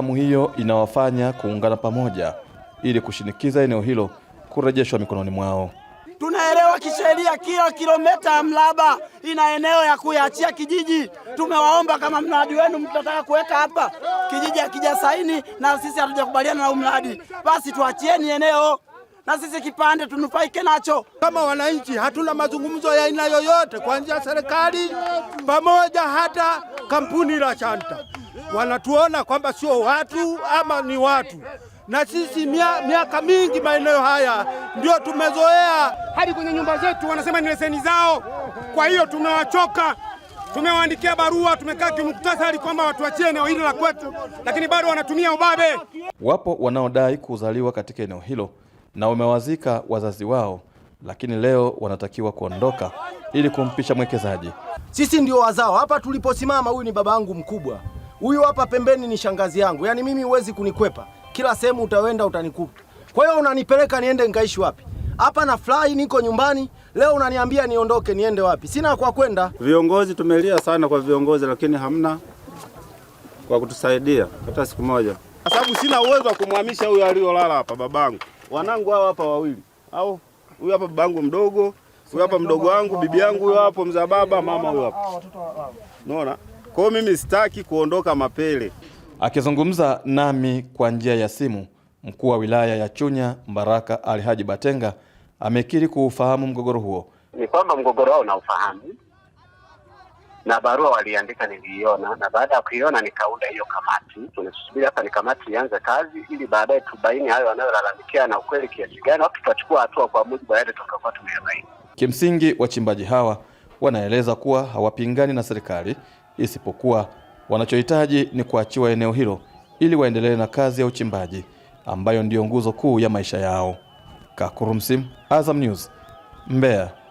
Hamu hiyo inawafanya kuungana pamoja ili kushinikiza eneo hilo kurejeshwa mikononi mwao. Tunaelewa kisheria kila kilomita mraba ina eneo ya kuyaachia kijiji. Tumewaomba kama mradi wenu mtataka kuweka hapa, kijiji hakija saini na sisi hatujakubaliana na mradi, basi tuachieni eneo na sisi kipande tunufaike nacho. Kama wananchi hatuna mazungumzo ya aina yoyote, kuanzia serikali pamoja hata kampuni la Shanta wanatuona kwamba sio watu ama ni watu, na sisi miaka mingi maeneo haya ndio tumezoea, hadi kwenye nyumba zetu wanasema ni leseni zao. Kwa hiyo tumewachoka, tumewaandikia barua, tumekaa kimuktasari kwamba watuachie eneo hili la kwetu, lakini bado wanatumia ubabe. Wapo wanaodai kuzaliwa katika eneo hilo na wamewazika wazazi wao, lakini leo wanatakiwa kuondoka ili kumpisha mwekezaji. Sisi ndio wazao hapa tuliposimama. Huyu ni baba yangu mkubwa. Huyu hapa pembeni ni shangazi yangu, yaani mimi huwezi kunikwepa, kila sehemu utaenda utanikuta. Kwa hiyo unanipeleka niende nikaishi wapi? Hapa na fly niko nyumbani. Leo unaniambia niondoke, niende wapi? Sina kwa kwenda. Viongozi tumelia sana kwa viongozi, lakini hamna kwa kutusaidia hata siku moja, kwa sababu sina uwezo wa kumhamisha huyu aliyolala hapa, babangu. Wanangu hao hapa wawili, au huyu hapa babangu mdogo, huyu hapa mdogo wangu, bibi yangu huyo hapo, mzaa baba mama huyo hapo, unaona kwa hiyo mimi sitaki kuondoka Mapele. Akizungumza nami kwa njia ya simu, mkuu wa wilaya ya Chunya Mbaraka Alhaji Batenga amekiri kuufahamu mgogoro huo. Ni kwamba mgogoro wao naufahamu na barua waliandika niliiona, na baada ya kuiona nikaunda hiyo kamati. Tunasubiri hapa ni kamati ianze kazi, ili baadaye tubaini hayo wanayolalamikia na ukweli kiasi gani, wapi tutachukua hatua kwa mujibu wa yale tutakayokuwa tumeyabaini. Kimsingi, wachimbaji hawa wanaeleza kuwa hawapingani na serikali, isipokuwa wanachohitaji ni kuachiwa eneo hilo ili waendelee na kazi ya uchimbaji ambayo ndiyo nguzo kuu ya maisha yao. Kakurumsim, Azam News, Mbeya.